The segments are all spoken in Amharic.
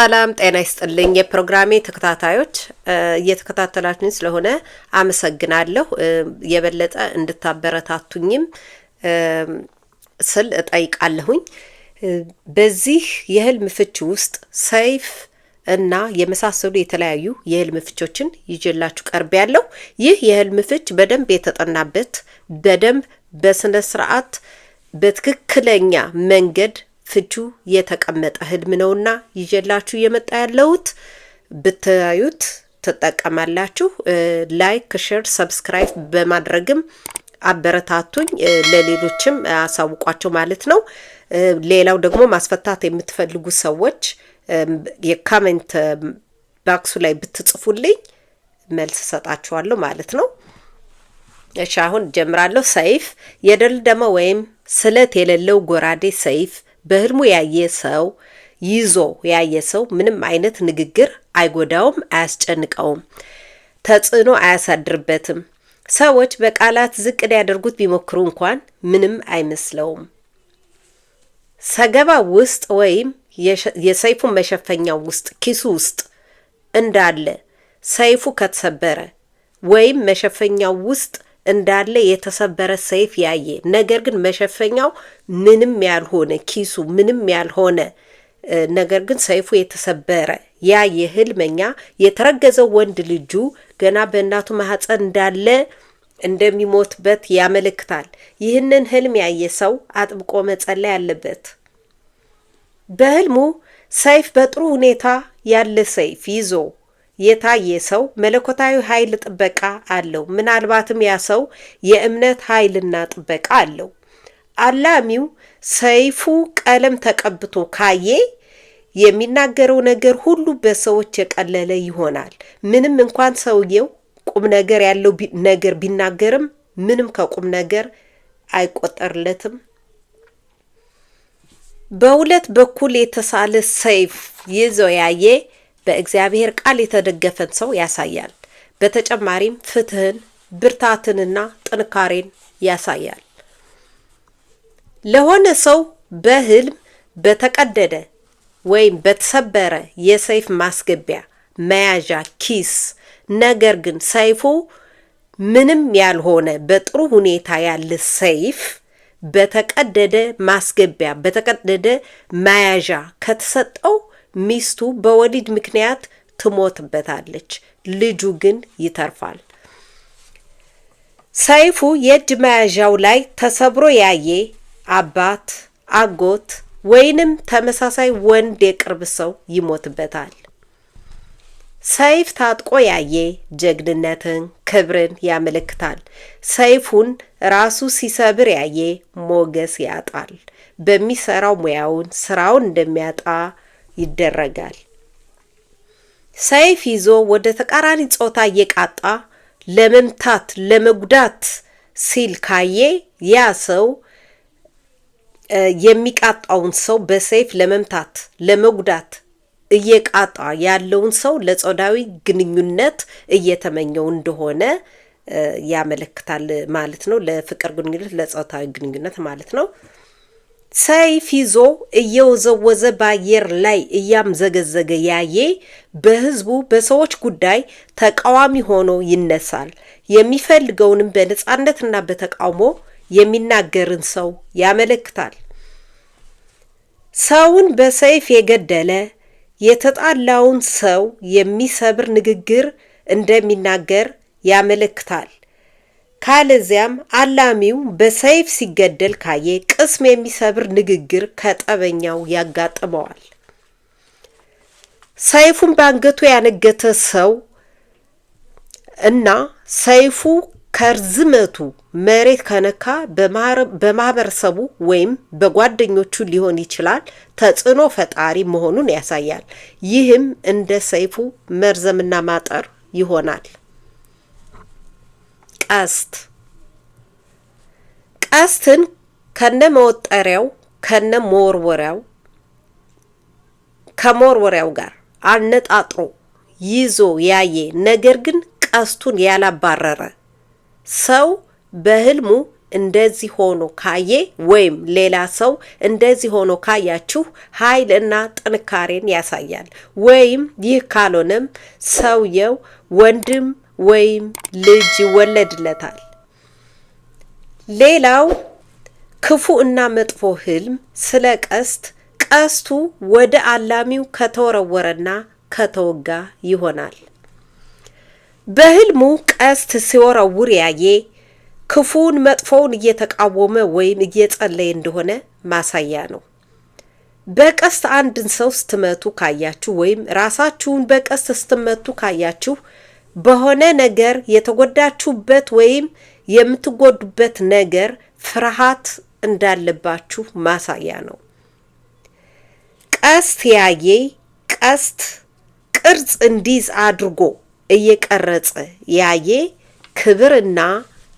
ሰላም ጤና ይስጥልኝ። የፕሮግራሜ ተከታታዮች እየተከታተላችሁኝ ስለሆነ አመሰግናለሁ። የበለጠ እንድታበረታቱኝም ስል እጠይቃለሁኝ። በዚህ የህልም ፍቺ ውስጥ ሰይፍ እና የመሳሰሉ የተለያዩ የህልም ፍቾችን ይዤላችሁ ቀርብ ያለው ይህ የህልም ፍች በደንብ የተጠናበት በደንብ በስነ ስርዓት በትክክለኛ መንገድ ፍቹ የተቀመጠ ህልም ነውና ይዤላችሁ የመጣ ያለሁት ብታዩት ትጠቀማላችሁ። ላይክ፣ ሼር፣ ሰብስክራይብ በማድረግም አበረታቱኝ ለሌሎችም አሳውቋቸው ማለት ነው። ሌላው ደግሞ ማስፈታት የምትፈልጉ ሰዎች የካሜንት ባክሱ ላይ ብትጽፉልኝ መልስ እሰጣችኋለሁ ማለት ነው። እሺ አሁን ጀምራለሁ። ሰይፍ የደለደመ ወይም ስለት የሌለው ጎራዴ ሰይፍ በህልሙ ያየ ሰው ይዞ ያየ ሰው ምንም አይነት ንግግር አይጎዳውም፣ አያስጨንቀውም፣ ተጽዕኖ አያሳድርበትም። ሰዎች በቃላት ዝቅ ሊያደርጉት ቢሞክሩ እንኳን ምንም አይመስለውም። ሰገባ ውስጥ ወይም የሰይፉን መሸፈኛ ውስጥ ኪሱ ውስጥ እንዳለ ሰይፉ ከተሰበረ ወይም መሸፈኛው ውስጥ እንዳለ የተሰበረ ሰይፍ ያየ፣ ነገር ግን መሸፈኛው ምንም ያልሆነ ኪሱ ምንም ያልሆነ ነገር ግን ሰይፉ የተሰበረ ያ የህልመኛ የተረገዘው ወንድ ልጁ ገና በእናቱ ማህፀን እንዳለ እንደሚሞትበት ያመለክታል። ይህንን ህልም ያየ ሰው አጥብቆ መጸለይ አለበት። በህልሙ ሰይፍ በጥሩ ሁኔታ ያለ ሰይፍ ይዞ የታየ ሰው መለኮታዊ ኃይል ጥበቃ አለው። ምናልባትም ያ ሰው የእምነት ኃይልና ጥበቃ አለው። አላሚው ሰይፉ ቀለም ተቀብቶ ካየ የሚናገረው ነገር ሁሉ በሰዎች የቀለለ ይሆናል። ምንም እንኳን ሰውየው ቁም ነገር ያለው ነገር ቢናገርም ምንም ከቁም ነገር አይቆጠርለትም። በሁለት በኩል የተሳለ ሰይፍ ይዞ ያየ በእግዚአብሔር ቃል የተደገፈን ሰው ያሳያል። በተጨማሪም ፍትህን፣ ብርታትንና ጥንካሬን ያሳያል። ለሆነ ሰው በህልም በተቀደደ ወይም በተሰበረ የሰይፍ ማስገቢያ መያዣ ኪስ፣ ነገር ግን ሰይፉ ምንም ያልሆነ በጥሩ ሁኔታ ያለ ሰይፍ በተቀደደ ማስገቢያ በተቀደደ መያዣ ከተሰጠው ሚስቱ በወሊድ ምክንያት ትሞትበታለች፣ ልጁ ግን ይተርፋል። ሰይፉ የእጅ መያዣው ላይ ተሰብሮ ያየ አባት፣ አጎት ወይንም ተመሳሳይ ወንድ የቅርብ ሰው ይሞትበታል። ሰይፍ ታጥቆ ያየ ጀግንነትን፣ ክብርን ያመለክታል። ሰይፉን ራሱ ሲሰብር ያየ ሞገስ ያጣል። በሚሰራው ሙያውን ስራውን እንደሚያጣ ይደረጋል። ሰይፍ ይዞ ወደ ተቃራኒ ጾታ እየቃጣ ለመምታት ለመጉዳት ሲል ካየ ያ ሰው የሚቃጣውን ሰው በሰይፍ ለመምታት ለመጉዳት እየቃጣ ያለውን ሰው ለጾታዊ ግንኙነት እየተመኘው እንደሆነ ያመለክታል ማለት ነው። ለፍቅር ግንኙነት፣ ለጾታዊ ግንኙነት ማለት ነው። ሰይፍ ይዞ እየወዘወዘ በአየር ላይ እያምዘገዘገ ያየ በህዝቡ በሰዎች ጉዳይ ተቃዋሚ ሆኖ ይነሳል። የሚፈልገውንም በነጻነትና በተቃውሞ የሚናገርን ሰው ያመለክታል። ሰውን በሰይፍ የገደለ የተጣላውን ሰው የሚሰብር ንግግር እንደሚናገር ያመለክታል። ካለዚያም አላሚው በሰይፍ ሲገደል ካየ ቅስም የሚሰብር ንግግር ከጠበኛው ያጋጥመዋል። ሰይፉን በአንገቱ ያነገተ ሰው እና ሰይፉ ከርዝመቱ መሬት ከነካ በማህበረሰቡ ወይም በጓደኞቹ ሊሆን ይችላል ተጽዕኖ ፈጣሪ መሆኑን ያሳያል። ይህም እንደ ሰይፉ መርዘምና ማጠር ይሆናል። ቀስት ቀስትን ከነ መወጠሪያው ከነ መወርወሪያው ከመወርወሪያው ጋር አነጣጥሮ ይዞ ያየ ነገር ግን ቀስቱን ያላባረረ ሰው በህልሙ እንደዚህ ሆኖ ካየ ወይም ሌላ ሰው እንደዚህ ሆኖ ካያችሁ ኃይል እና ጥንካሬን ያሳያል። ወይም ይህ ካልሆነም ሰውየው ወንድም ወይም ልጅ ይወለድለታል። ሌላው ክፉ እና መጥፎ ህልም ስለ ቀስት ቀስቱ ወደ አላሚው ከተወረወረና ከተወጋ ይሆናል። በህልሙ ቀስት ሲወረውር ያየ ክፉን መጥፎውን እየተቃወመ ወይም እየጸለየ እንደሆነ ማሳያ ነው። በቀስት አንድን ሰው ስትመቱ ካያችሁ ወይም ራሳችሁን በቀስት ስትመቱ ካያችሁ በሆነ ነገር የተጎዳችሁበት ወይም የምትጎዱበት ነገር ፍርሃት እንዳለባችሁ ማሳያ ነው። ቀስት ያየ ቀስት ቅርጽ እንዲይዝ አድርጎ እየቀረጸ ያየ ክብርና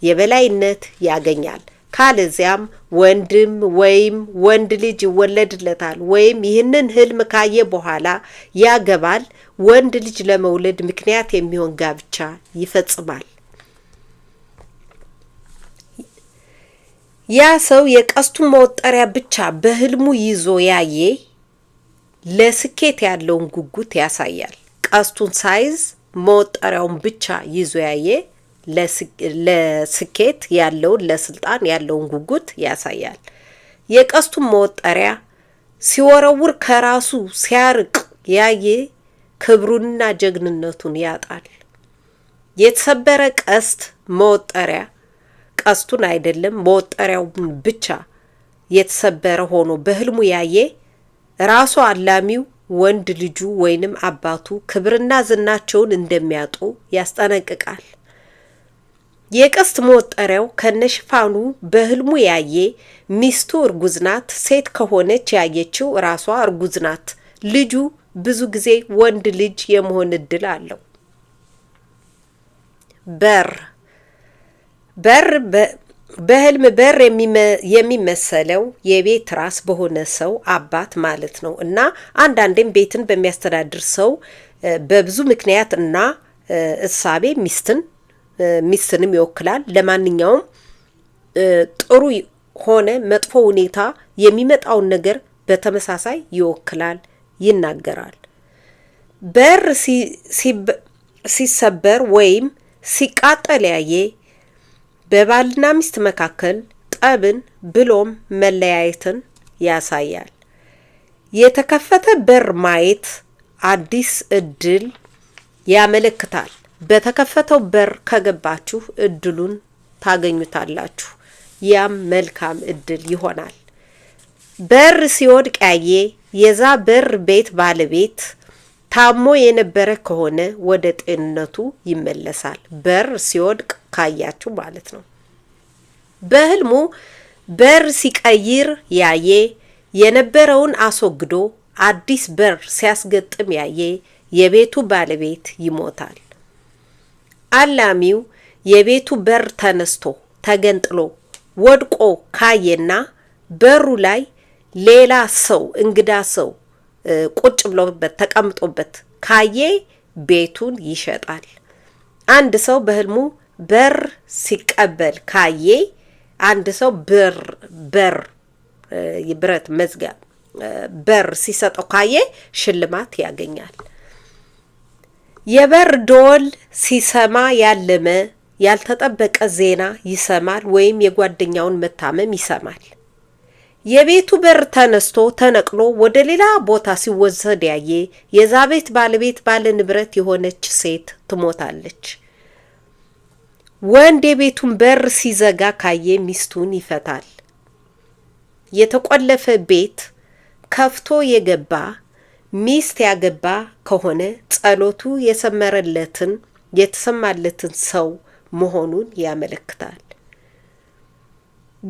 የበላይነት ያገኛል። ካለዚያም ወንድም ወይም ወንድ ልጅ ይወለድለታል ወይም ይህንን ህልም ካየ በኋላ ያገባል። ወንድ ልጅ ለመውለድ ምክንያት የሚሆን ጋብቻ ይፈጽማል። ያ ሰው የቀስቱን መወጠሪያ ብቻ በህልሙ ይዞ ያየ ለስኬት ያለውን ጉጉት ያሳያል። ቀስቱን ሳይዝ መወጠሪያውን ብቻ ይዞ ያየ ለስኬት ያለውን ለስልጣን ያለውን ጉጉት ያሳያል። የቀስቱን መወጠሪያ ሲወረውር ከራሱ ሲያርቅ ያየ ክብሩንና ጀግንነቱን ያጣል። የተሰበረ ቀስት መወጠሪያ ቀስቱን አይደለም መወጠሪያውን ብቻ የተሰበረ ሆኖ በህልሙ ያየ ራሱ አላሚው ወንድ ልጁ ወይንም አባቱ ክብርና ዝናቸውን እንደሚያጡ ያስጠነቅቃል። የቀስት መወጠሪያው ከነሽፋኑ በህልሙ ያየ ሚስቱ እርጉዝ ናት፣ ሴት ከሆነች ያየችው ራሷ እርጉዝ ናት። ልጁ ብዙ ጊዜ ወንድ ልጅ የመሆን እድል አለው። በር በር በህልም በር የሚመሰለው የቤት ራስ በሆነ ሰው አባት ማለት ነው እና አንዳንዴም ቤትን በሚያስተዳድር ሰው በብዙ ምክንያት እና እሳቤ ሚስትን ሚስንም ይወክላል። ለማንኛውም ጥሩ ሆነ መጥፎ ሁኔታ የሚመጣውን ነገር በተመሳሳይ ይወክላል፣ ይናገራል። በር ሲሰበር ወይም ሲቃጠል ያየ በባልና ሚስት መካከል ጠብን ብሎም መለያየትን ያሳያል። የተከፈተ በር ማየት አዲስ እድል ያመለክታል። በተከፈተው በር ከገባችሁ እድሉን ታገኙታላችሁ። ያም መልካም እድል ይሆናል። በር ሲወድቅ ያየ የዛ በር ቤት ባለቤት ታሞ የነበረ ከሆነ ወደ ጤንነቱ ይመለሳል። በር ሲወድቅ ካያችሁ ማለት ነው። በህልሙ በር ሲቀይር ያየ የነበረውን አስወግዶ አዲስ በር ሲያስገጥም ያየ የቤቱ ባለቤት ይሞታል። አላሚው የቤቱ በር ተነስቶ ተገንጥሎ ወድቆ ካየና በሩ ላይ ሌላ ሰው እንግዳ ሰው ቁጭ ብሎበት ተቀምጦበት ካየ ቤቱን ይሸጣል። አንድ ሰው በህልሙ በር ሲቀበል ካየ አንድ ሰው በር በር ብረት መዝጊያ በር ሲሰጠው ካየ ሽልማት ያገኛል። የበር ደወል ሲሰማ ያለመ ያልተጠበቀ ዜና ይሰማል ወይም የጓደኛውን መታመም ይሰማል። የቤቱ በር ተነስቶ ተነቅሎ ወደ ሌላ ቦታ ሲወሰድ ያየ የዛ ቤት ባለቤት ባለ ንብረት የሆነች ሴት ትሞታለች። ወንድ የቤቱን በር ሲዘጋ ካየ ሚስቱን ይፈታል። የተቆለፈ ቤት ከፍቶ የገባ ሚስት ያገባ ከሆነ ጸሎቱ የሰመረለትን የተሰማለትን ሰው መሆኑን ያመለክታል።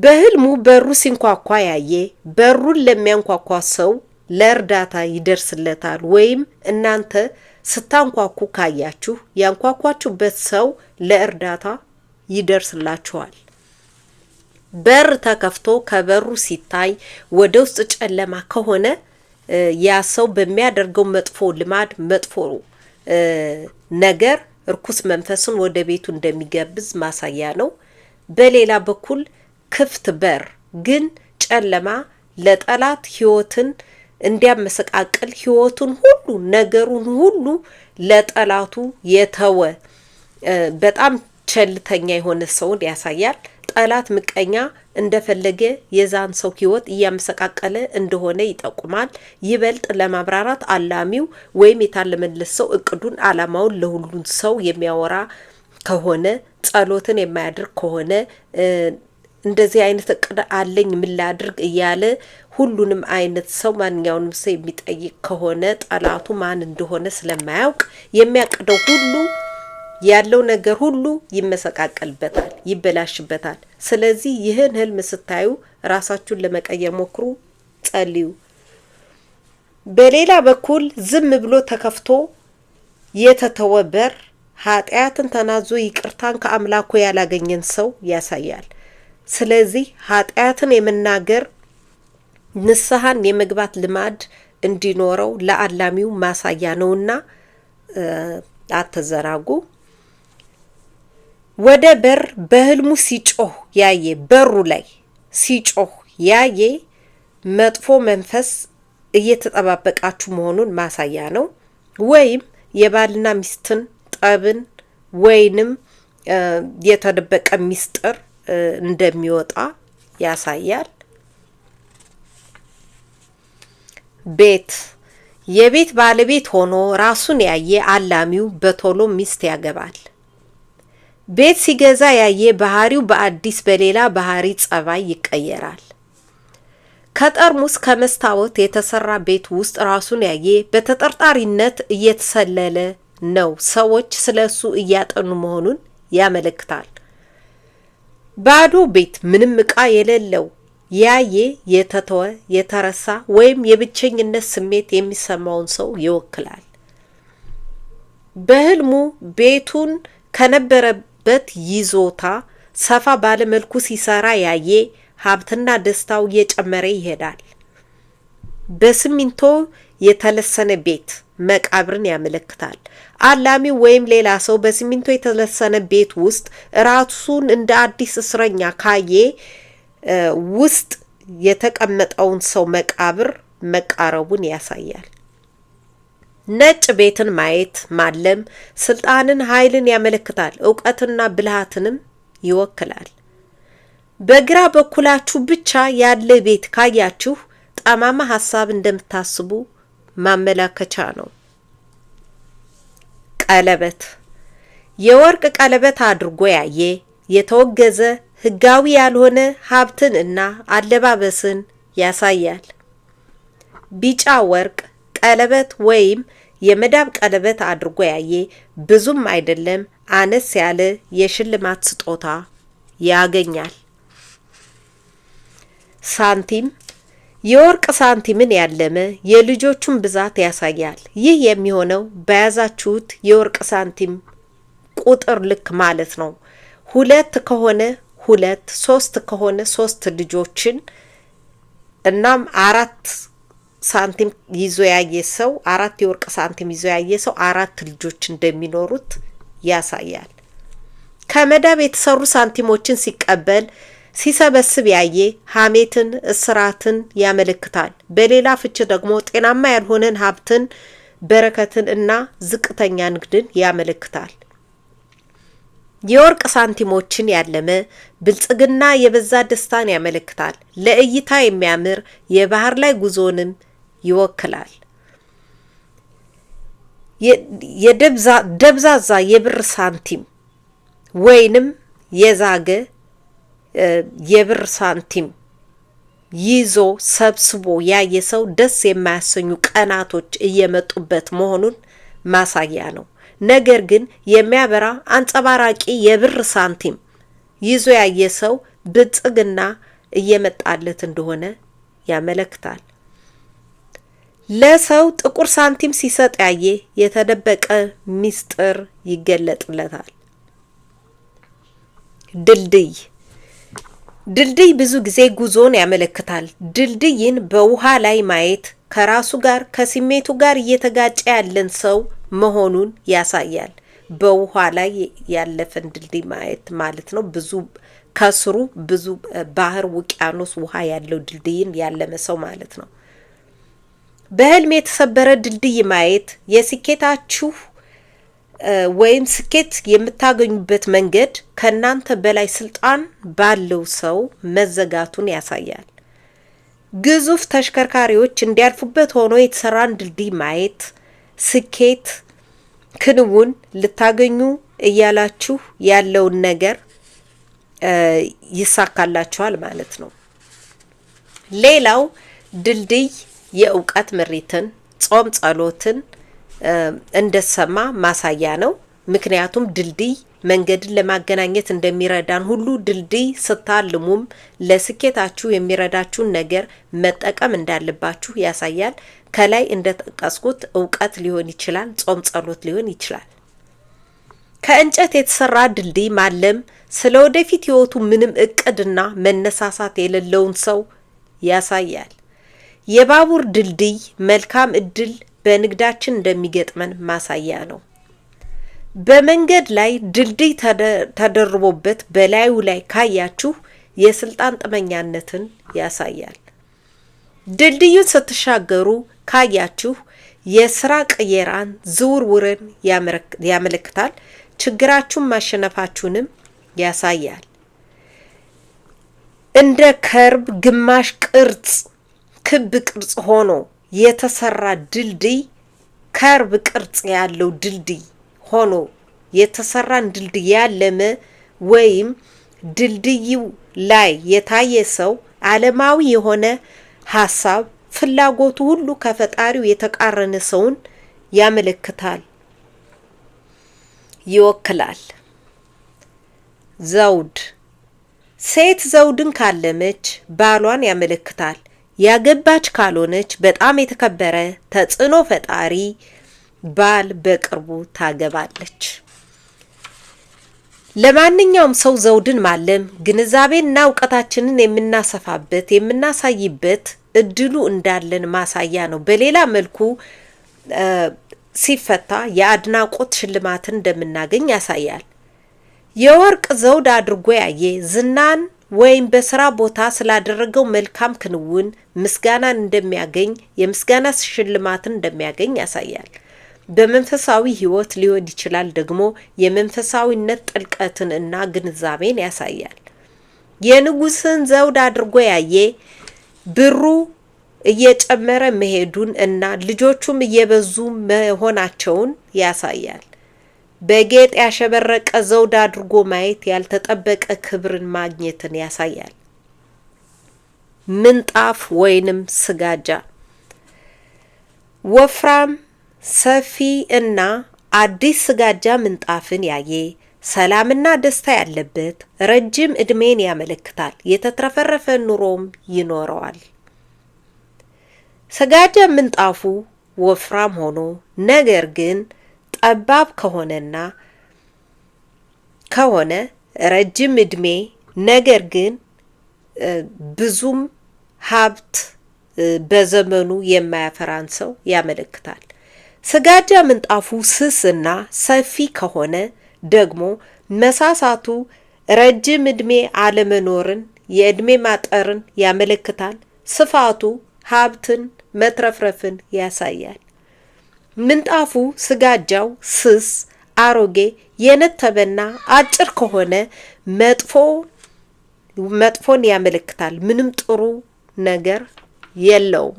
በህልሙ በሩ ሲንኳኳ ያየ በሩን ለሚያንኳኳ ሰው ለእርዳታ ይደርስለታል። ወይም እናንተ ስታንኳኩ ካያችሁ ያንኳኳችሁበት ሰው ለእርዳታ ይደርስላችኋል። በር ተከፍቶ ከበሩ ሲታይ ወደ ውስጥ ጨለማ ከሆነ ያ ሰው በሚያደርገው መጥፎ ልማድ መጥፎ ነገር እርኩስ መንፈስን ወደ ቤቱ እንደሚጋብዝ ማሳያ ነው። በሌላ በኩል ክፍት በር ግን ጨለማ ለጠላት ህይወትን እንዲያመሰቃቅል ህይወቱን ሁሉ ነገሩን ሁሉ ለጠላቱ የተወ በጣም ቸልተኛ የሆነ ሰውን ያሳያል። ጠላት ምቀኛ እንደፈለገ የዛን ሰው ህይወት እያመሰቃቀለ እንደሆነ ይጠቁማል። ይበልጥ ለማብራራት አላሚው ወይም የታለመለት ሰው እቅዱን አላማውን ለሁሉም ሰው የሚያወራ ከሆነ ጸሎትን የማያደርግ ከሆነ እንደዚህ አይነት እቅድ አለኝ ምን ላድርግ እያለ ሁሉንም አይነት ሰው ማንኛውንም ሰው የሚጠይቅ ከሆነ ጠላቱ ማን እንደሆነ ስለማያውቅ የሚያቅደው ሁሉ ያለው ነገር ሁሉ ይመሰቃቀልበታል፣ ይበላሽበታል። ስለዚህ ይህን ህልም ስታዩ ራሳችሁን ለመቀየር ሞክሩ፣ ጸልዩ። በሌላ በኩል ዝም ብሎ ተከፍቶ የተተወ በር ኃጢአትን ተናዞ ይቅርታን ከአምላኩ ያላገኘን ሰው ያሳያል። ስለዚህ ኃጢአትን የመናገር ንስሐን የመግባት ልማድ እንዲኖረው ለአላሚው ማሳያ ነውና አትዘናጉ። ወደ በር በህልሙ ሲጮህ ያየ በሩ ላይ ሲጮህ ያየ መጥፎ መንፈስ እየተጠባበቃችሁ መሆኑን ማሳያ ነው። ወይም የባልና ሚስትን ጠብን ወይንም የተደበቀ ሚስጥር እንደሚወጣ ያሳያል። ቤት የቤት ባለቤት ሆኖ ራሱን ያየ አላሚው በቶሎ ሚስት ያገባል። ቤት ሲገዛ ያየ ባህሪው በአዲስ በሌላ ባህሪ ጸባይ ይቀየራል። ከጠርሙስ ከመስታወት የተሰራ ቤት ውስጥ ራሱን ያየ በተጠርጣሪነት እየተሰለለ ነው። ሰዎች ስለ እሱ እያጠኑ መሆኑን ያመለክታል። ባዶ ቤት ምንም ዕቃ የሌለው ያየ የተተወ የተረሳ ወይም የብቸኝነት ስሜት የሚሰማውን ሰው ይወክላል። በህልሙ ቤቱን ከነበረ ባለበት ይዞታ ሰፋ ባለመልኩ ሲሰራ ያየ ሀብትና ደስታው እየጨመረ ይሄዳል። በሲሚንቶ የተለሰነ ቤት መቃብርን ያመለክታል። አላሚው ወይም ሌላ ሰው በሲሚንቶ የተለሰነ ቤት ውስጥ ራሱን እንደ አዲስ እስረኛ ካየ ውስጥ የተቀመጠውን ሰው መቃብር መቃረቡን ያሳያል። ነጭ ቤትን ማየት ማለም ስልጣንን፣ ኃይልን ያመለክታል። እውቀትና ብልሃትንም ይወክላል። በግራ በኩላችሁ ብቻ ያለ ቤት ካያችሁ ጠማማ ሀሳብ እንደምታስቡ ማመላከቻ ነው። ቀለበት የወርቅ ቀለበት አድርጎ ያየ የተወገዘ ህጋዊ ያልሆነ ሀብትን እና አለባበስን ያሳያል። ቢጫ ወርቅ ቀለበት ወይም የመዳብ ቀለበት አድርጎ ያየ ብዙም አይደለም አነስ ያለ የሽልማት ስጦታ ያገኛል። ሳንቲም የወርቅ ሳንቲምን ያለመ የልጆቹን ብዛት ያሳያል። ይህ የሚሆነው በያዛችሁት የወርቅ ሳንቲም ቁጥር ልክ ማለት ነው። ሁለት ከሆነ ሁለት፣ ሶስት ከሆነ ሶስት ልጆችን እናም አራት ሳንቲም ይዞ ያየ ሰው አራት የወርቅ ሳንቲም ይዞ ያየ ሰው አራት ልጆች እንደሚኖሩት ያሳያል። ከመዳብ የተሰሩ ሳንቲሞችን ሲቀበል ሲሰበስብ ያየ ሐሜትን፣ እስራትን ያመለክታል። በሌላ ፍቺ ደግሞ ጤናማ ያልሆነን ሀብትን፣ በረከትን እና ዝቅተኛ ንግድን ያመለክታል። የወርቅ ሳንቲሞችን ያለመ ብልጽግና የበዛ ደስታን ያመለክታል። ለእይታ የሚያምር የባህር ላይ ጉዞንም ይወክላል። ደብዛዛ የብር ሳንቲም ወይንም የዛገ የብር ሳንቲም ይዞ ሰብስቦ ያየ ሰው ደስ የማያሰኙ ቀናቶች እየመጡበት መሆኑን ማሳያ ነው። ነገር ግን የሚያበራ አንጸባራቂ የብር ሳንቲም ይዞ ያየ ሰው ብልጽግና እየመጣለት እንደሆነ ያመለክታል። ለሰው ጥቁር ሳንቲም ሲሰጥ ያየ የተደበቀ ሚስጥር ይገለጥለታል። ድልድይ ድልድይ ብዙ ጊዜ ጉዞን ያመለክታል። ድልድይን በውሃ ላይ ማየት ከራሱ ጋር ከስሜቱ ጋር እየተጋጨ ያለን ሰው መሆኑን ያሳያል። በውሃ ላይ ያለፈን ድልድይ ማየት ማለት ነው። ብዙ ከስሩ ብዙ ባህር፣ ውቅያኖስ፣ ውሃ ያለው ድልድይን ያለመ ሰው ማለት ነው። በህልም የተሰበረ ድልድይ ማየት የስኬታችሁ ወይም ስኬት የምታገኙበት መንገድ ከእናንተ በላይ ስልጣን ባለው ሰው መዘጋቱን ያሳያል። ግዙፍ ተሽከርካሪዎች እንዲያልፉበት ሆኖ የተሰራን ድልድይ ማየት ስኬት ክንውን ልታገኙ እያላችሁ ያለውን ነገር ይሳካላችኋል ማለት ነው። ሌላው ድልድይ የእውቀት ምሪትን፣ ጾም ጸሎትን እንደሰማ ማሳያ ነው። ምክንያቱም ድልድይ መንገድን ለማገናኘት እንደሚረዳን ሁሉ ድልድይ ስታልሙም ለስኬታችሁ የሚረዳችሁን ነገር መጠቀም እንዳለባችሁ ያሳያል። ከላይ እንደጠቀስኩት እውቀት ሊሆን ይችላል፣ ጾም ጸሎት ሊሆን ይችላል። ከእንጨት የተሰራ ድልድይ ማለም ስለ ወደፊት ህይወቱ ምንም እቅድና መነሳሳት የሌለውን ሰው ያሳያል። የባቡር ድልድይ መልካም እድል በንግዳችን እንደሚገጥመን ማሳያ ነው። በመንገድ ላይ ድልድይ ተደርቦበት በላዩ ላይ ካያችሁ የስልጣን ጥመኛነትን ያሳያል። ድልድዩን ስትሻገሩ ካያችሁ የስራ ቅየራን፣ ዝውውርን ያመለክታል። ችግራችሁን ማሸነፋችሁንም ያሳያል። እንደ ከርብ ግማሽ ቅርጽ ክብ ቅርጽ ሆኖ የተሰራ ድልድይ ከርብ ቅርጽ ያለው ድልድይ ሆኖ የተሰራን ድልድይ ያለመ ወይም ድልድዩ ላይ የታየ ሰው ዓለማዊ የሆነ ሀሳብ ፍላጎቱ ሁሉ ከፈጣሪው የተቃረነ ሰውን ያመለክታል፣ ይወክላል። ዘውድ ሴት ዘውድን ካለመች ባሏን ያመለክታል። ያገባች ካልሆነች በጣም የተከበረ ተጽዕኖ ፈጣሪ ባል በቅርቡ ታገባለች። ለማንኛውም ሰው ዘውድን ማለም ግንዛቤና እውቀታችንን የምናሰፋበት የምናሳይበት እድሉ እንዳለን ማሳያ ነው። በሌላ መልኩ ሲፈታ የአድናቆት ሽልማትን እንደምናገኝ ያሳያል። የወርቅ ዘውድ አድርጎ ያየ ዝናን ወይም በስራ ቦታ ስላደረገው መልካም ክንውን ምስጋናን እንደሚያገኝ የምስጋና ሽልማትን እንደሚያገኝ ያሳያል። በመንፈሳዊ ህይወት ሊሆን ይችላል ደግሞ የመንፈሳዊነት ጥልቀትን እና ግንዛቤን ያሳያል። የንጉስን ዘውድ አድርጎ ያየ ብሩ እየጨመረ መሄዱን እና ልጆቹም እየበዙ መሆናቸውን ያሳያል። በጌጥ ያሸበረቀ ዘውድ አድርጎ ማየት ያልተጠበቀ ክብርን ማግኘትን ያሳያል። ምንጣፍ ወይንም ስጋጃ ወፍራም፣ ሰፊ እና አዲስ ስጋጃ ምንጣፍን ያየ ሰላምና ደስታ ያለበት ረጅም ዕድሜን ያመለክታል። የተትረፈረፈ ኑሮም ይኖረዋል። ስጋጃ ምንጣፉ ወፍራም ሆኖ ነገር ግን ጠባብ ከሆነና ከሆነ ረጅም እድሜ ነገር ግን ብዙም ሀብት በዘመኑ የማያፈራን ሰው ያመለክታል። ስጋጃ ምንጣፉ ስስ እና ሰፊ ከሆነ ደግሞ መሳሳቱ ረጅም እድሜ አለመኖርን፣ የእድሜ ማጠርን ያመለክታል። ስፋቱ ሀብትን መትረፍረፍን ያሳያል። ምንጣፉ ስጋጃው ስስ፣ አሮጌ፣ የነተበና አጭር ከሆነ መጥፎ መጥፎን ያመለክታል። ምንም ጥሩ ነገር የለውም።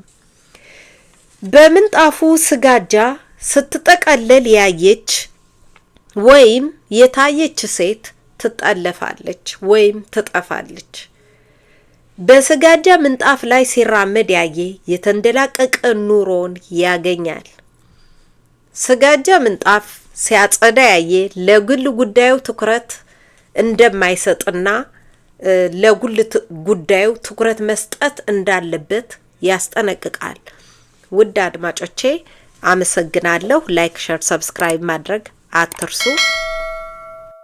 በምንጣፉ ስጋጃ ስትጠቀለል ያየች ወይም የታየች ሴት ትጠለፋለች ወይም ትጠፋለች። በስጋጃ ምንጣፍ ላይ ሲራመድ ያየ የተንደላቀቀ ኑሮን ያገኛል። ስጋጃ ምንጣፍ ሲያጸዳ ያየ ለግል ጉዳዩ ትኩረት እንደማይሰጥና ለጉል ጉዳዩ ትኩረት መስጠት እንዳለበት ያስጠነቅቃል። ውድ አድማጮቼ አመሰግናለሁ። ላይክ፣ ሸር፣ ሰብስክራይብ ማድረግ አትርሱ።